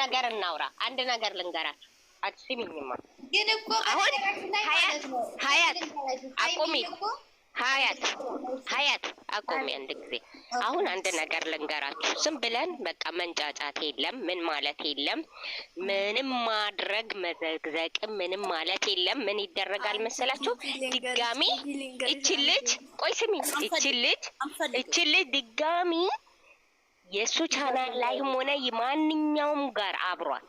ነገር እናውራ። አንድ ነገር ልንገራችሁ። አትስሚኝማ ግን እኮ አሁን ሀያት ሀያት አቁሚ፣ ሀያት ሀያት አቁሚ አንድ ጊዜ። አሁን አንድ ነገር ልንገራችሁ። ዝም ብለን በቃ መንጫጫት የለም ምን ማለት የለም ምንም ማድረግ መዘግዘቅም ምንም ማለት የለም። ምን ይደረጋል መሰላችሁ? ድጋሚ እች ልጅ ቆይ ስሚ፣ እች ልጅ እች ልጅ ድጋሚ የእሱ ቻናል ላይም ሆነ ማንኛውም ጋር አብሯት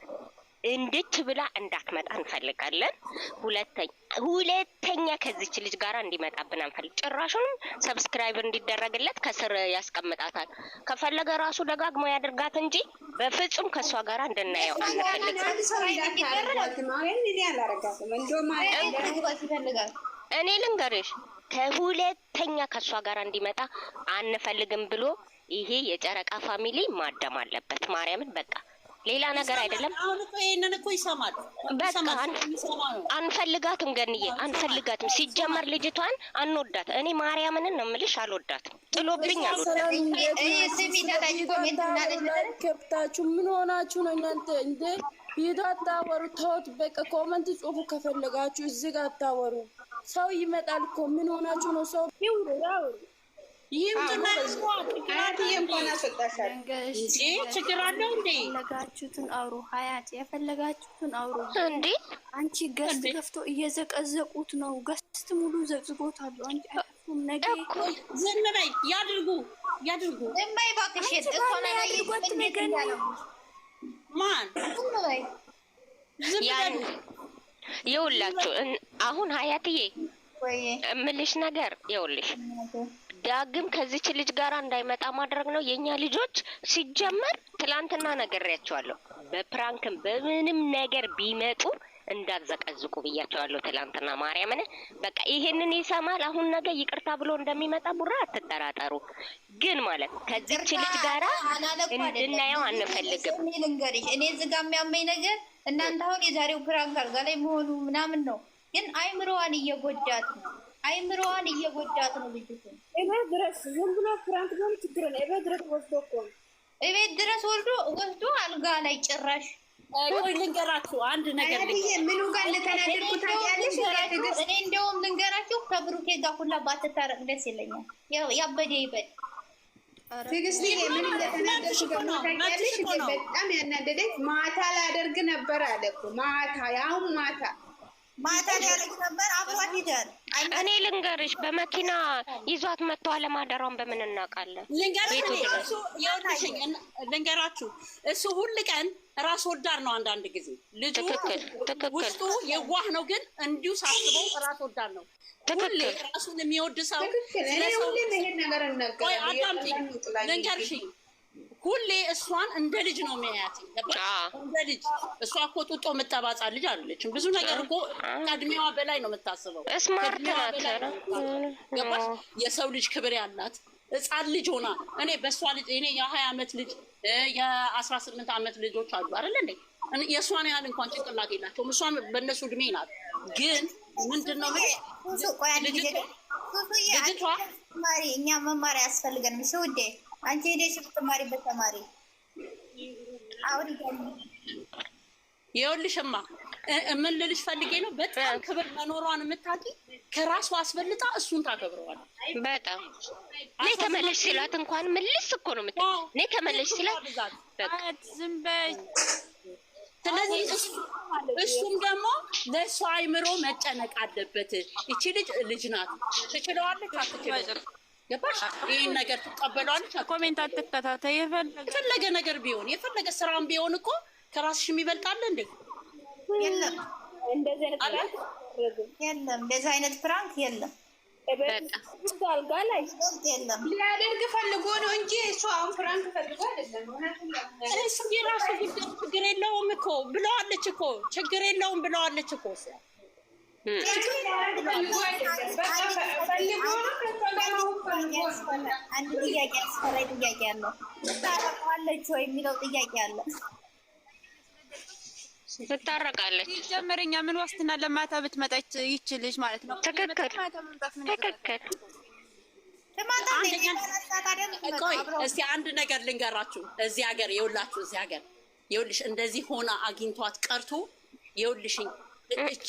እንድች ብላ እንዳትመጣ እንፈልጋለን። ሁለተኛ ሁለተኛ ከዚች ልጅ ጋር እንዲመጣብን አንፈልግ። ጭራሹንም ሰብስክራይብ እንዲደረግለት ከስር ያስቀምጣታል። ከፈለገ ራሱ ደጋግሞ ያደርጋት እንጂ በፍጹም ከእሷ ጋር እንድናየው አንፈልግም። እኔ ልንገርሽ ከሁለተኛ ከእሷ ጋር እንዲመጣ አንፈልግም ብሎ ይሄ የጨረቃ ፋሚሊ ማደም አለበት። ማርያምን በቃ ሌላ ነገር አይደለም። አሁን እኮ ይሄንን እኮ ይሰማል። በቃ አንፈልጋትም፣ ገንዬ አንፈልጋትም። ሲጀመር ልጅቷን አንወዳት። እኔ ማርያምንን ነው የምልሽ፣ አልወዳትም። ጥሎብኝ አልወዳትከብታችሁ ምን ሆናችሁ ነው እናንተ? እንደ ቤቷ አታወሩ፣ ተውት በቃ። ኮመንት ጽሁፉ ከፈለጋችሁ እዚህ ጋር አታወሩ። ሰው ይመጣል እኮ ምን ሆናችሁ ነው ሰው ያውሩ ችግር አለው እንዴ? የፈለጋችሁትን አውሩ፣ ሀያት የፈለጋችሁትን አውሩ። እንዴ። አንቺ ገስት ገፍቶ እየዘቀዘቁት ነው። ገስት ሙሉ ዘቅዝቆታሉ። አንቺ አይፉም ነገር ዝም በይ። ያድርጉ ያድርጉ። ማን ዝም ይኸውላችሁ አሁን ሀያትዬ እምልሽ ነገር ይኸውልሽ ዳግም ከዚች ልጅ ጋር እንዳይመጣ ማድረግ ነው የእኛ ልጆች። ሲጀመር ትላንትና ነግሬያቸዋለሁ። በፕራንክም በምንም ነገር ቢመጡ እንዳዘቀዝቁ ብያቸዋለሁ ትላንትና። ማርያምን በቃ ይሄንን ይሰማል። አሁን ነገ ይቅርታ ብሎ እንደሚመጣ ቡራ አትጠራጠሩ። ግን ማለት ከዚች ልጅ ጋራ እንድናየው አንፈልግም። እኔ እዚህ ጋር የሚያመኝ ነገር እናንተ አሁን የዛሬው ፕራንክ አልጋ ላይ መሆኑ ምናምን ነው፣ ግን አይምሮዋን እየጎዳት ነው አይምሮዋን እየጎዳት ነው። ልጅቱ እቤት ድረስ ዝም ብሎ ፍራንክ ቢሆን ችግር ነው። እቤት ድረስ ወስዶ እኮ ነው። እቤት ድረስ ወልዶ ወስዶ አልጋ ላይ ጭራሽ። ቆይ ልንገራችሁ አንድ ነገር ምኑ ጋር ልተናደርኩ ታያለሽ። እኔ እንደውም ልንገራችሁ ከብሩኬ ጋር ሁላ ባትታረቅ ደስ ይለኛል። ያበደ ይበል ትግስት ምን እንደተናደርሽ ታያለሽ። በጣም ያናደደኝ ማታ ላደርግ ነበር አለ እኮ ማታ ያው ማታ እኔ ልንገርሽ፣ በመኪና ይዟት መጥቶ አለማደሯን በምን እናውቃለን? ልንገራችሁ፣ እሱ ሁል ቀን ራስ ወዳድ ነው። አንዳንድ ጊዜ ልጁ ውስጡ የዋህ ነው፣ ግን እንዲሁ ሳስበው ራስ ወዳድ ነው። ሁሌ ራሱን የሚወድ ሰው ልንገርሽኝ ሁሌ እሷን እንደ ልጅ ነው የሚያያት፣ እንደ ልጅ እሷ እኮ ጡጦ የምታባጻ ልጅ አለችም። ብዙ ነገር እኮ ከእድሜዋ በላይ ነው የምታስበው። ገባሽ? የሰው ልጅ ክብር ያላት ህፃን ልጅ ሆና እኔ በእሷ ልጅ እኔ የሀያ አመት ልጅ የአስራ ስምንት አመት ልጆች አሉ አይደለ እንዴ? የእሷን ያህል እንኳን ጭንቅላት የላቸውም። እሷን በእነሱ እድሜ ናት። ግን ምንድን ነው ልጅቷ እኛ መማሪያ ያስፈልገንም ውዴ አንቺ ሄደሽ የምትማሪበት ተማሪ አሁን ይኸውልሽማ ምን ልልሽ ፈልጌ ነው። በጣም ክብር መኖሯን የምታውቂ ከራሱ አስበልጣ እሱን ታከብረዋል። በጣም እኔ ተመለሽ ሲላት እንኳን እኮ ነው እኔ ተመለሽ ሲላት ዝም በይ። ስለዚህ እሱም ደግሞ ለእሱ አይምሮ መጨነቅ አለበት። ይቺ ልጅ ልጅ ናት፣ ትችለዋለች ገባሽ? ይህን ነገር ትቀበሏለች። ኮሜንት አትከታተይ። የፈለገ ነገር ቢሆን የፈለገ ስራም ቢሆን እኮ ከራስሽ የሚበልጣለ እንዴ? እንደዚህ አይነት ፍራንክ የለም። ሊያደርግ ፈልጎ ነው እንጂ እሱ አሁን ፍራንክ ፈልጎ አይደለም። እሱ የራሱ ጉዳይ ችግር የለውም እኮ ብለዋለች እኮ ችግር የለውም ብለዋለች እኮ አንድ ጥያቄ አስፈራኝ ጥያቄ አለው። ታረቀዋለች ወይ የሚለው ጥያቄ አለው። ትታረቃለች። ሲጀመር እኛ ምን ዋስትና ለማታ ብትመጣች ይችልሽ ማለት ነው። ትክክል ትክክል። እስኪ አንድ ነገር ልንገራችሁ። እዚህ ሀገር የውላችሁ እዚህ ሀገር የውልሽ እንደዚህ ሆና አግኝቷት ቀርቶ የውልሽኝ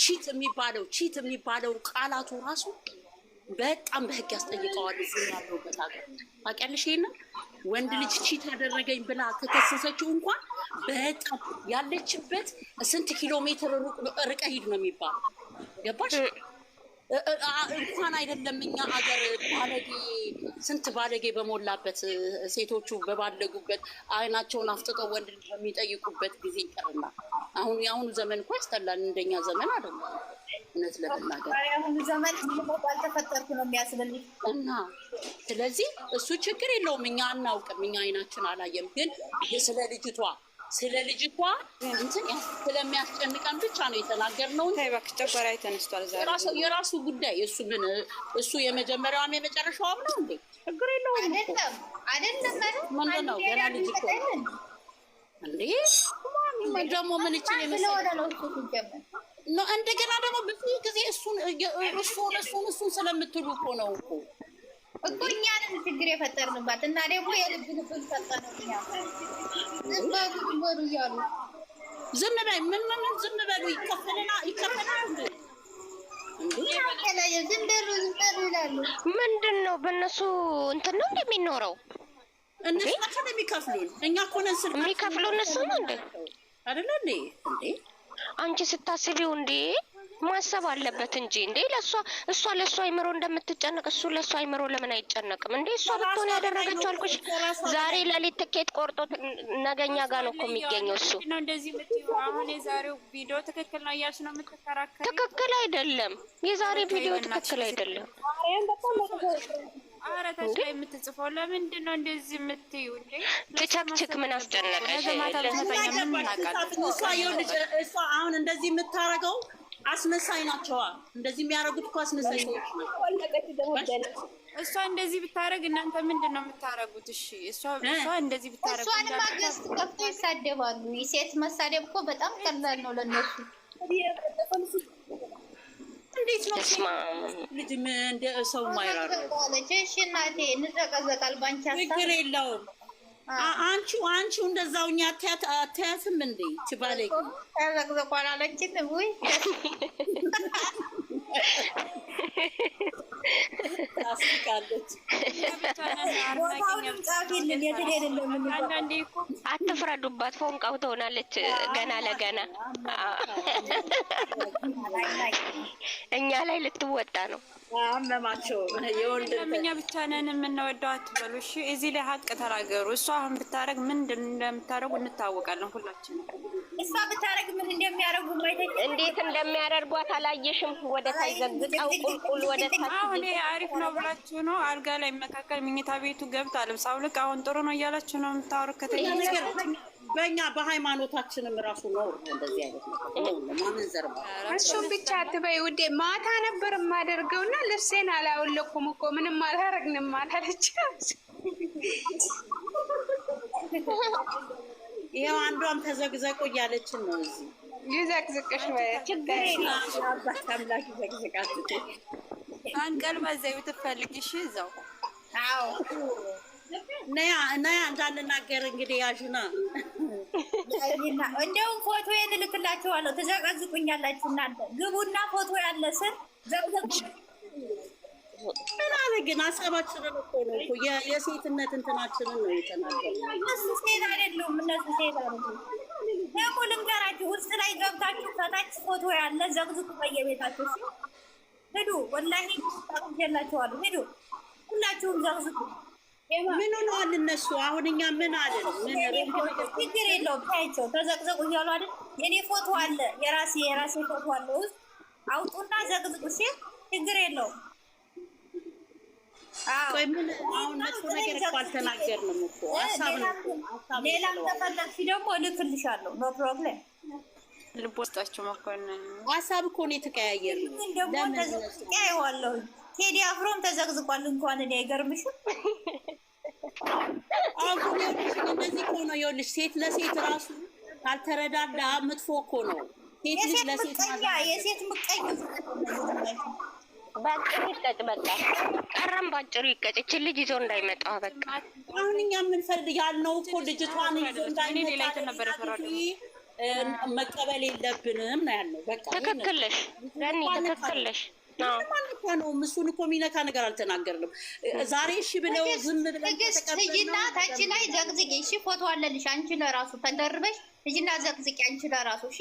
ቺት የሚባለው ቺት የሚባለው ቃላቱ ራሱ በጣም በህግ ያስጠይቀዋል። እዚህ ያለሁበት ሀገር ታውቂያለሽ፣ ይሄን ወንድ ልጅ ቺት አደረገኝ ብላ ከከሰሰችው እንኳን በጣም ያለችበት ስንት ኪሎ ሜትር ርቀህ ሂድ ነው የሚባለው። ገባሽ? እንኳን አይደለም እኛ አገር ባለጌ ስንት ባለጌ በሞላበት ሴቶቹ በባለጉበት አይናቸውን አፍጥጠው ወንድ በሚጠይቁበት ጊዜ ይቀርና አሁን የአሁኑ ዘመን እኮ ያስጠላል። እንደኛ ዘመን አይደለም። እውነት ለመናገር ዘመን ባልተፈጠርኩ ነው የሚያስብል እና ስለዚህ እሱ ችግር የለውም። እኛ አናውቅም፣ እኛ አይናችን አላየም። ግን ስለ ልጅቷ ስለ ልጅቷ እንትን ስለሚያስጨንቀን ብቻ ነው የተናገርነው። የራሱ ጉዳይ እሱ ምን እሱ የመጀመሪያዋም የመጨረሻዋም ነው እንዴ? ችግር የለውም ነው ገና ልጅ እኮ እንዴ ደግሞ ምን ይችል እንደገና ደግሞ ብዙ ጊዜ እሱን እሱን እሱን ስለምትሉ እኮ ነው እኮ እኮ እኛ ችግር የፈጠርንባት እና ደግሞ የልብ ልብ ፈጠነው ዝንበሉ እያሉ ዝም በይ ምን ምን ዝም በሉ ይከፈልና ይከፈላል ምንድን ነው በእነሱ እንትን ነው እንደሚኖረው እነሱ ናቸው የሚከፍሉን እኛ እኮ ነን ስል የሚከፍሉን እሱ ነው እንዴ አይደለ እንዴ አንቺ ስታስቢው እንዴ ማሰብ አለበት እንጂ እንዴ ለእሷ እሷ ለእሷ አይምሮ እንደምትጨነቅ እሱ ለእሷ አይምሮ ለምን አይጨነቅም እንዴ? እሷ ብትሆን ያደረገችው አልኩሽ። ዛሬ ለሊት ትኬት ቆርጦ ነገኛ ጋር ነው እኮ የሚገኘው እሱ። ትክክል አይደለም። የዛሬ ቪዲዮ ትክክል አይደለም። አረታች ላይ የምትጽፈው ለምንድን ነው እንደዚህ የምትዩ? ምን አስጨነቀሽ? እሷ አሁን እንደዚህ የምታረገው አስመሳይ ናቸዋ። እንደዚህ የሚያደርጉት እኮ አስመሳይ ሰዎች ናቸው። እሷ እንደዚህ ብታደረግ እናንተ ምንድን ነው የምታደረጉት? እሺ እሷ እንደዚህ ብታረግ እሷን ማገዝ ከፍቶ ይሳደባሉ። የሴት መሳደብ እኮ በጣም ቀላል ነው ለነሱ። እንዴት ነው ልጅ እንደ ሰው ማይራሩ? እሺ እናቴ እንዘቀዘቃል ባንቻ ችግር የለውም አንቺ አንቺ እንደዛው እኛ አታያትም እንዴ? ችባለ ተዘቅዘቋል አለችን። ወይ አትፍረዱባት፣ ፎንቃው ትሆናለች ገና ለገና እኛ ላይ ልትወጣ ነው። አመማቸው የወንድምኛ ብቻ ነን የምንወደው አትበሉ። እሺ እዚህ ላይ ሀቅ ተናገሩ። እሷ አሁን ብታረግ ምን እንደምታደረጉ እንታወቃለን ሁላችን። እሷ ብታረግ ምን እንደሚያደረጉ እንዴት እንደሚያደርጓት አላየሽም? ወደ ታይ ዘግጠው ቁልቁል ወደ ታይ። አሁን ይሄ አሪፍ ነው ብላችሁ ነው አልጋ ላይ መካከል ምኝታ ቤቱ ገብታ ልብስ አውልቅ አሁን ጥሩ ነው እያላችሁ ነው የምታወሩ ከተኛ በእኛ በሃይማኖታችንም ራሱ ነው እንደዚህ አይነት ማመንዘር። እሱም ብቻ አትበይ ውዴ፣ ማታ ነበር የማደርገው እና ልብሴን አላወለኩም እኮ ምንም አላረግንም አላለች። ይኸው አንዷም ተዘግዘቁ እያለችን ነው እዚህ ይዘቅዝቅሽ አምላክ ይዘቅዝቃት። አንቀል በዛዩ ትፈልግሽ እዛው ነያ ነያ እንዳንናገር እንግዲህ ያዥና እንደውም ፎቶ እልክላችኋለሁ። ትዘቀዝቁኛላችሁ እናንተ ግቡና ፎቶ ያለ ስር ዘቅዘቁ። ምናምን ግን ሀሳባችንን እኮ ነው የሴትነት እንትናችንን ነው የተናገርኩት። እነሱ ሴት አይደሉም። እነሱ ሴት አይደሉም። ደግሞ ልንገራችሁ፣ ውስጥ ላይ ገብታችሁ ከታች ፎቶ ያለ ዘቅዝቁ በየቤታችሁ ሂዱ። ወላሂ ላችኋለሁ። ሂዱ፣ ሁላችሁም ዘቅዝቁ። ምን ሆነዋል እነሱ? አሁን እኛ ምን አለን? ችግር የለውም ታያቸው ተዘቅዘቁ እያሉ አይደል? የኔ ፎቶ አለ፣ የራሴ የራሴ ፎቶ አለ ውስጥ አውጡና ዘቅዝቁ ሲ ችግር የለውም። ሌላም ተፈለግሽ ደግሞ እልክልሻለሁ። ኖ ፕሮብሌም መኮንን ሀሳብ እኮ ደግሞ ቴዲ አፍሮም ተዘቅዝቋል። እንኳን እኔ አይገርምሽም? ነው። ይኸውልሽ ሴት ለሴት ራሱ ካልተረዳዳ መጥፎ እኮ ነው። ሴት ልጅ ለሴት የሴት ምቀኝ በአጭሩ ይቀጭ። በቃ ቀረም ባጭሩ ይቀጭ። ይህችን ልጅ ይዞ እንዳይመጣ በቃ አሁን እኛ የምንፈልግ ያልነው እኮ ልጅቷን ይዞ እንዳይመጣ መቀበል የለብንም ነው ያልነው። በቃ ትክክልሽ ነሽ፣ ማለት ነው። እሱን እኮ የሚነካ ነገር አልተናገርንም። ዛሬ እሺ ብለው ዝም ብለን ትግስትና ታች ላይ ዘቅዝቂ። እሺ ፎቶ አለልሽ አንቺ ለራሱ ተደርበሽ ትጅና ዘቅዝቂ አንቺ ለራሱ እሺ።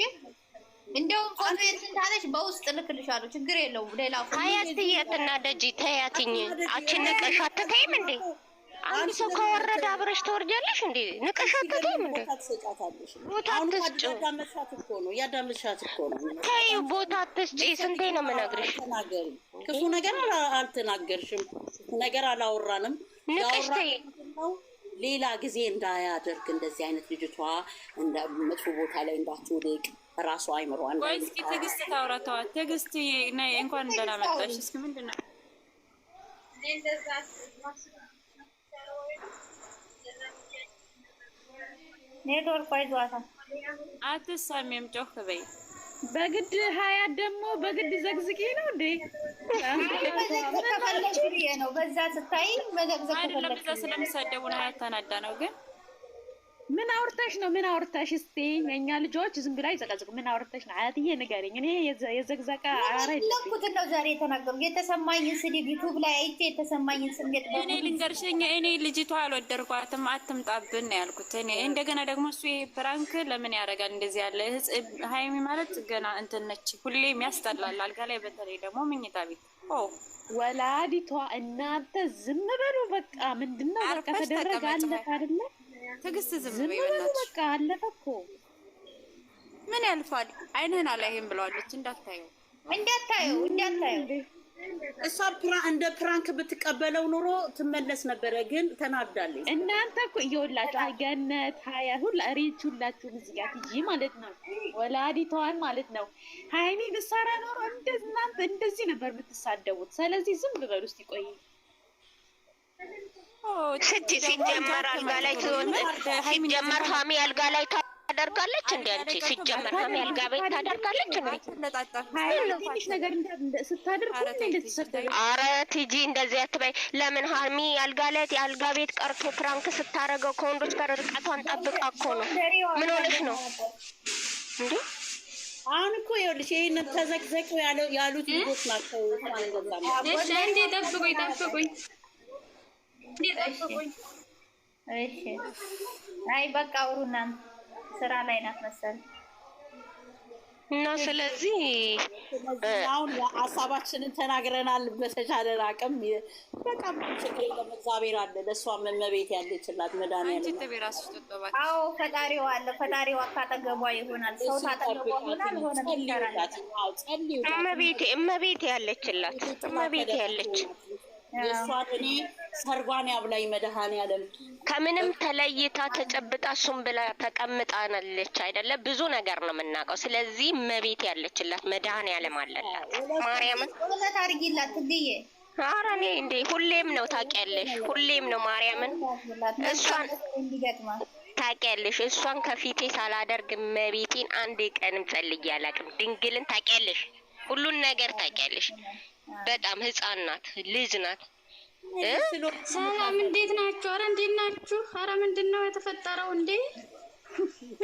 እንደውም ፎቶ የትንታለሽ በውስጥ ልክልሻለሁ። ችግር የለውም ሌላ ሀያት የትና ደጅ ተያትኝ አችን ነቀሽ አትተይም እንዴ? አንድ ሰው ከወረደ አብረሽ ተወርጃለሽ እንዴ? ንቀሽ አትተይም ቦታ ትስጭ እኮ ነው ያዳመሻት እኮ ነው። ተይ ቦታ አትስጭ። ስንቴ ነው የምነግርሽ? ክፉ ነገር አልተናገርሽም፣ ነገር አላወራንም። ንቀሽ ተይ። ሌላ ጊዜ እንዳያደርግ እንደዚህ አይነት ልጅቷ መጥፎ ቦታ ላይ እንዳትወድቅ ራሷ አይምሯል። ወይ እስኪ ትዕግስት ታውራተዋል። ትዕግስት እንኳን ደህና መጣሽ። እስኪ ምንድን ነው ኔትወርክ አይዟታል። አትሰሚም? ጮክ በይ። በግድ ሀያት ደግሞ በግድ ዘግዝጌ ነው እንዴ? ነው። በዛ ስታይ መዘግዘግ አይደለም። እዛ ስለምሰደቡ ሀያት ተናዳ ነው ግን ምን አውርተሽ ነው? ምን አውርተሽ እስቲ እኛ ልጆች ዝም ብላ ይዘቀዝቁ። ምን አውርተሽ ነው? አያትዬ ንገሪኝ። እኔ የዘግዘቃ አረለኩትን ነው ዛሬ የተናገሩ የተሰማኝን ስድብ ዩቱብ ላይ አይቼ የተሰማኝን ስሜት እኔ ልንገርሽኝ። እኔ ልጅቷ አልወደድኳትም፣ አትምጣብን ነው ያልኩት። እኔ እንደገና ደግሞ እሱ ይሄ ፕራንክ ለምን ያደርጋል እንደዚህ ያለ ሀይሚ ማለት ገና እንትን ነች። ሁሌም ያስጠላል። አልጋ ላይ በተለይ ደግሞ ምኝታ ቤት ወላዲቷ። እናንተ ዝም በሉ በቃ። ምንድነው በቃ ተደረገ አለፍ አይደለም ትዕግስት ዝም በል በቃ አለፈ እኮ ምን ያልፋል? አይንህን አላይህም ብለዋለች። እንዳታየው እንዳታየው እንዳታየው። እሷ እንደ ፕራንክ ብትቀበለው ኑሮ ትመለስ ነበረ፣ ግን ተናዳለች። እናንተ እኮ እየወላችሁ ገነት ሀያ ሁላ ሬች ሁላችሁም እዚህ ጋር ማለት ነው፣ ወላዲቷን ማለት ነው። ሀይሚ ብሳራ ኖሮ እናንተ እንደዚህ ነበር የምትሳደቡት። ስለዚህ ዝም ብበል ውስጥ ይቆይ ሲጀመር አልጋ ላይ ሲጀመር ሀሚ አልጋ ላይ ታደርጋለች እንደ አንቺ ሲጀመር ሀሚ አልጋ ቤት ታደርጋለች እንዴ? አረ ቲጂ እንደዚህ አትበይ። ለምን ሀሚ አልጋ ላይ አልጋ ቤት ቀርቶ ፍራንክ ስታደርገው ከወንዶች ጋር ርቀቷን ጠብቃ እኮ ነው። ምን ሆነሽ ነው እንዴ? አሁን እኮ ይኸውልሽ ይህን ተዘቅዘቅ ያሉት ልጆች ናቸው። እንዴ ጠብቁኝ ጠብቁኝ እሺ። አይ በቃ አውሩና ስራ ላይ ናት መሰል እና ስለዚህ አሁን ሀሳባችንን ተናግረናል። በተቻለን አቅም በቃ ችግር የለም። እግዚአብሔር አለ፣ ለእሷም እመቤት ያለችላት መድኃኒዓለም። አዎ ፈጣሪዋ አለ፣ ፈጣሪዋ ካጠገቧ ይሆናል። ሰው ታጠገቧ ሆናል ሆነ ይቻላል። እመቤት ያለችላት፣ እመቤት ያለች የእሷን እኔ ሰርጓን ያብላኝ መድኃኔዓለም። ከምንም ተለይታ ተጨብጣ እሱም ብላ ተቀምጣናለች አይደለ? ብዙ ነገር ነው የምናውቀው። ስለዚህ መቤት ያለችላት መድኃኔዓለም አለላት። ማርያምን ሁለት አድርጊላት ትልዬ። ኧረ እኔ እንዴ ሁሌም ነው ታውቂያለሽ፣ ሁሌም ነው ማርያምን እሷን ታውቂያለሽ እሷን ከፊቴ ሳላደርግ መቤቴን አንድ ቀንም ጸልዬ አላውቅም። ድንግልን ታውቂያለሽ፣ ሁሉን ነገር ታውቂያለሽ። በጣም ህፃን ናት፣ ልጅ ናት። ሰላም እንዴት ናችሁ? አረ እንዴት ናችሁ? አረ ምንድን ነው የተፈጠረው እንዴ?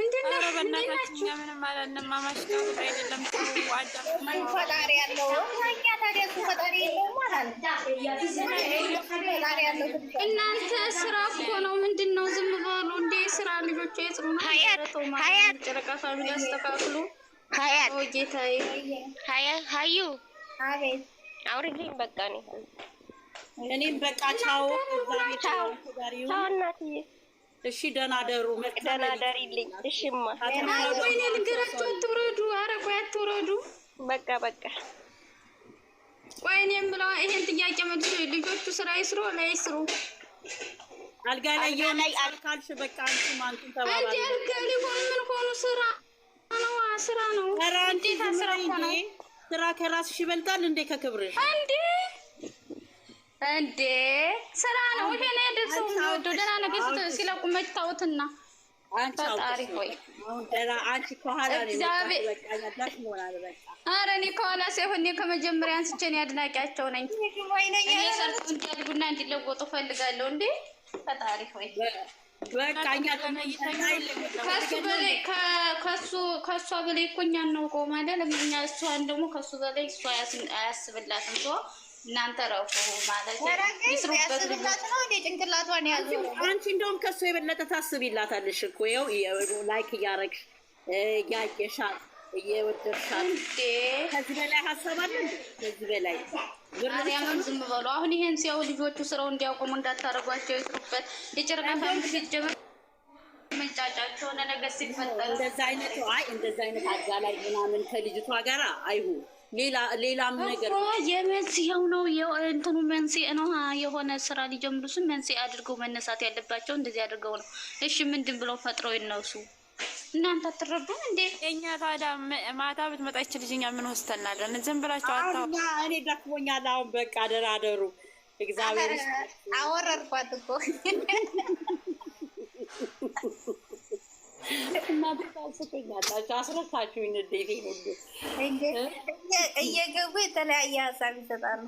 እናንተ ስራ እኮ ነው። ምንድን ነው ዝም በሉ እንዴ! ስራ ልጆች የጽሩ ፋሚሊ ሀያት ጌታዬ ሀዩ አቤት አውሪልኝ በቃ ነው። እኔም በቃ ቻው፣ ቻው እናትዬ። ቻው እሺ ደህና ደሩ፣ ደህና ደሪልኝ። እሺማ ወይኔ ልንገራቸው፣ አትውረዱ። ኧረ ቆይ አትውረዱ። በቃ በቃ ወይኔ የምለው ይሄን ጥያቄ መልሶ ልጆቹ ስራ ይስሩ ላይስሩ አልጋ ላይ የሆነ አልካልሽ በቃ አንቺ ማንቱን ተባባሪ እንዴ አልጋ ሊሆን ምን ሆኑ ስራ ነው ስራ ነው። ኧረ አንቺ ስራ ሆነ ስራ ከራስሽ ይበልጣል እንዴ? ከክብር እንዴ? እንዴ ስራ ነው ይሄ ነው ደሱ ነው ደና ነገር ሲለቁ መች ታውትና ፈጣሪ ሆይ ኧረ እኔ ከኋላ ሳይሆን እኔ ከመጀመሪያ አንስቼ እኔ አድናቂያቸው ነኝ። እኔ ሰርቶ እንዲያድጉና እንዲለወጡ ፈልጋለሁ። እንዴ ፈጣሪ ሆይ ከእሷ በላይ እኮ እኛ እናውቀውም አይደል? እኛ እሷን ደግሞ ከእሱ በላይ እሷ አያስብላትም። ሰው እናንተ ረፉ ማለት ያስብላት ነው እንዴ? ጭንቅላቷን ያዙ። አንቺ እንደውም ከእሱ የበለጠ ታስቢላታለሽ እኮ ይኸው ላይክ እያደረግሽ እያየሻት እየወደድሻት ከዚህ በላይ ሀሳብ አለ። ከዚህ በላይ ማርያምን ዝም በሉ። አሁን ይሄን ሲያው ልጆቹ ስራው እንዲያቆሙ እንዳታደርጓቸው ይስሩበት። የጨረቃ ፋሚሊ ሲጀመር ነገር ሲፈጠር እንደዛ አይነት አይ እንደዛ አይነት አጋላይ ምናምን ከልጅቷ ጋራ አይሁን። ሌላም ነገር የመንስኤው ነው እንትኑ መንስኤ ነው። የሆነ ስራ ሊጀምሩ መንስኤ አድርገው መነሳት ያለባቸው እንደዚህ አድርገው ነው። እሺ ምንድን ብለው ፈጥረው ይነሱ። እናንተ አትረዱም እንዴ? እኛ ታዲያ ማታ ብትመጣ ይች ልጅ እኛ ምን ወስተናለን? ዝም ብላቸው አታውቁ። እኔ ደክሞኛል አሁን በቃ አደሩ። እግዚአብሔር አወረርኳት እኮ አስረሳችሁኝ። እንዴት እየገቡ የተለያየ ሀሳብ ይሰጣሉ።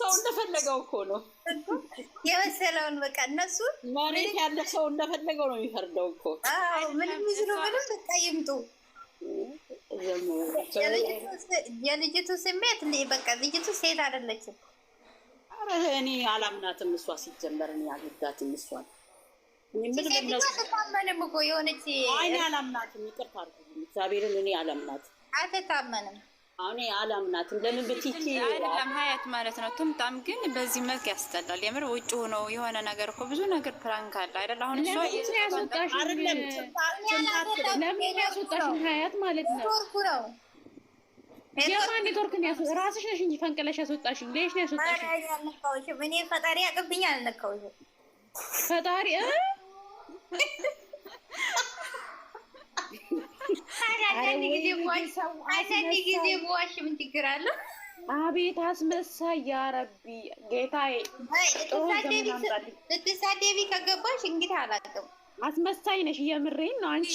ሰው እንደፈለገው እኮ ነው የመሰለውን በቃ እነሱ መሬት ያለ ሰው እንደፈለገው ነው የሚፈርደው እኮ ምንም ይዝሎ ምንም በቃ ይምጡ። የልጅቱ ስሜት በቃ ልጅቱ ሴት አይደለችም። ኧረ እኔ አላምናትም። እሷ ሲጀመር እኔ አልወዳትም እሷን አትታመንም እኮ የሆነች አይኔ አላምናትም። ይቅርታ አድርጉ እግዚአብሔርን እኔ አላምናትም፣ አትታመንም አሁን አላምናትም። ለምን ብትቺ አይደለም ሀያት ማለት ነው። ትምጣም ግን በዚህ መልክ ያስጠላል። የምር ውጭ ሆኖ የሆነ ነገር እኮ ብዙ ነገር ፕራንክ አለ አይደል? አሁን እሷ ለምን ያስወጣሽን ሀያት ማለት ነው። የማን ኔትወርክ ነው? ራስሽ ነሽ እንጂ ፈንቅለሽ ያስወጣሽኝ። ሌሽ ነው ያስወጣሽኝ። እኔ ፈጣሪ አቅብኛ አልነካውሽም። ፈጣሪ አንዳንድ ጊዜ በዋሽ ምን ችግር አለው? አቤት አስመሳይ! ያረቢ ጌታዬ፣ ልትሳደቢ ከገባሽ እንግዲህ አላውቅም። አስመሳይ ነሽ፣ እየምሬን ነው አንቺ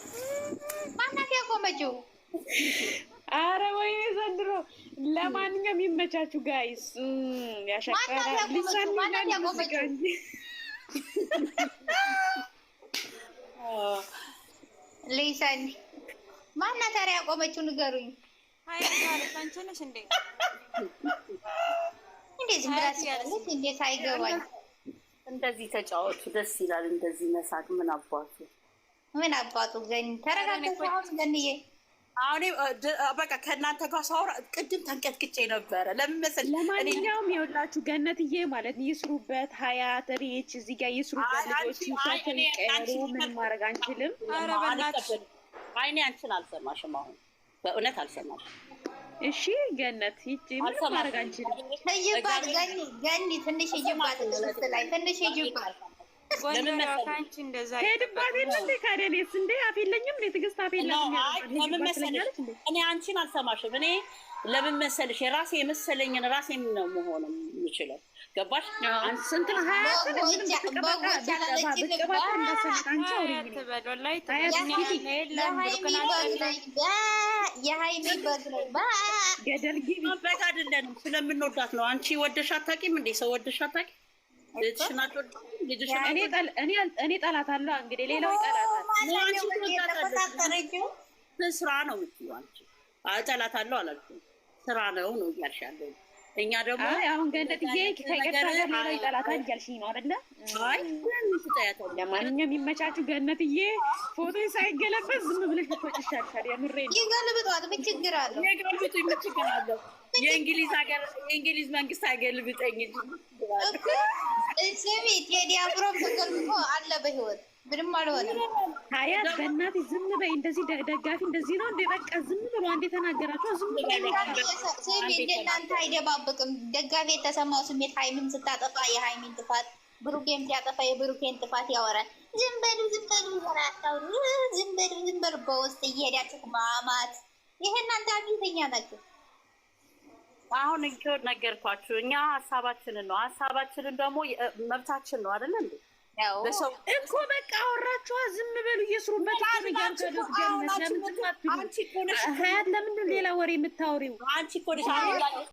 ማናት ያቆመችው? አረ ወይኔ ዘንድሮ። ለማንኛውም ይመቻችሁ ጋይስ። ልይሳኒ ማናት አረ ያቆመችው ንገሩኝ። አንቺ ነሽ እንዴ? እንዴት ብላስ እንዴት አይገባኝ። እንደዚህ ተጫወቱ፣ ደስ ይላል። እንደዚህ መሳቅ ምን አባቱ ምን አባቱ ገኝ ተረጋገኝ። አሁን በቃ ከእናንተ ጋር ሳወራ ቅድም ተንቀጥቅጬ ነበረ። ለምን መሰለኝ? ለማንኛውም የሁላችሁ ገነትዬ ማለት ነው ይስሩበት፣ ሀያት ሪች እዚህ ጋር ይስሩበት። ልጆች ይቀሩ፣ ምን ማድረግ አንችልም። አይኔ አንቺን አልሰማሽም፣ አሁን በእውነት አልሰማሽም። እሺ ገነት ይቺ ምን ማድረግ አንችልም። ትንሽ ይባል ገኝ፣ ትንሽ ይባል ላይ ትንሽ ይባል ሄድባትንዴካደኔስ እኔ አንቺን አልሰማሽም። እኔ ለምን የመሰለኝን ነው መሆን የምችለው። ገባሽ? ስንት ገደል ግቢ። አይደለንም ስለምንወዳት ነው። አንቺ ወደሽ አታውቂም እንዴ? ሰው ወደሽ አታውቂም እኔ ጠላት አለሁ እንግዲህ ሌላው ይጠላታል። ስራ ነው የምትይው ጠላት አለሁ አላልኩም፣ ስራ ነው ነው እያልሽ እኛ ደግሞ አሁን ገነትዬ ከገጠር ሌላው ይጠላታል እያልሽኝ ነው አይደለ? ለማንኛውም የሚመቻችሁ ገነትዬ፣ ፎቶ ሳይገለበት ዝም ብለሽ ልትወጪ ይሻልሻል። የምሬን ይገልብጧት፣ ምን ችግር አለው? ይገልብጡ፣ ምን ችግር አለው? የእንግሊዝ ሀገር የእንግሊዝ መንግስት አይገልብጠኝ ስሚ ቴዲ አፍሮ ተገልብጦ አለ በህይወት ምንም አልሆነም ታያት በእናትሽ ዝም በይ እንደዚህ ደጋፊ እንደዚህ ነው እንደ በቃ ዝም ብሎ አንድ የተናገራቸው ዝም ብሎ ስሚ እንደናንተ አይደባብቅም ደጋፊ የተሰማው ስሜት ሀይሚን ስታጠፋ የሀይሚን ጥፋት ብሩኬን ሲያጠፋ የብሩኬን ጥፋት ያወራል ዝም በሉ ዝም በሉ ይሆናል ዝም በሉ ዝም በሉ በውስጥ እየሄዳችሁ ማማት ይሄ እናንተ አብይተኛ ናቸው አሁን እንኪ ነገርኳችሁ። እኛ ሀሳባችንን ነው ሀሳባችንን ደግሞ መብታችን ነው አይደለ እንዴ? እኮ በቃ አወራችኋ። ዝም በሉ እየስሩበት። ለምንድን ሌላ ወሬ የምታወሪው? አንቺ እኮ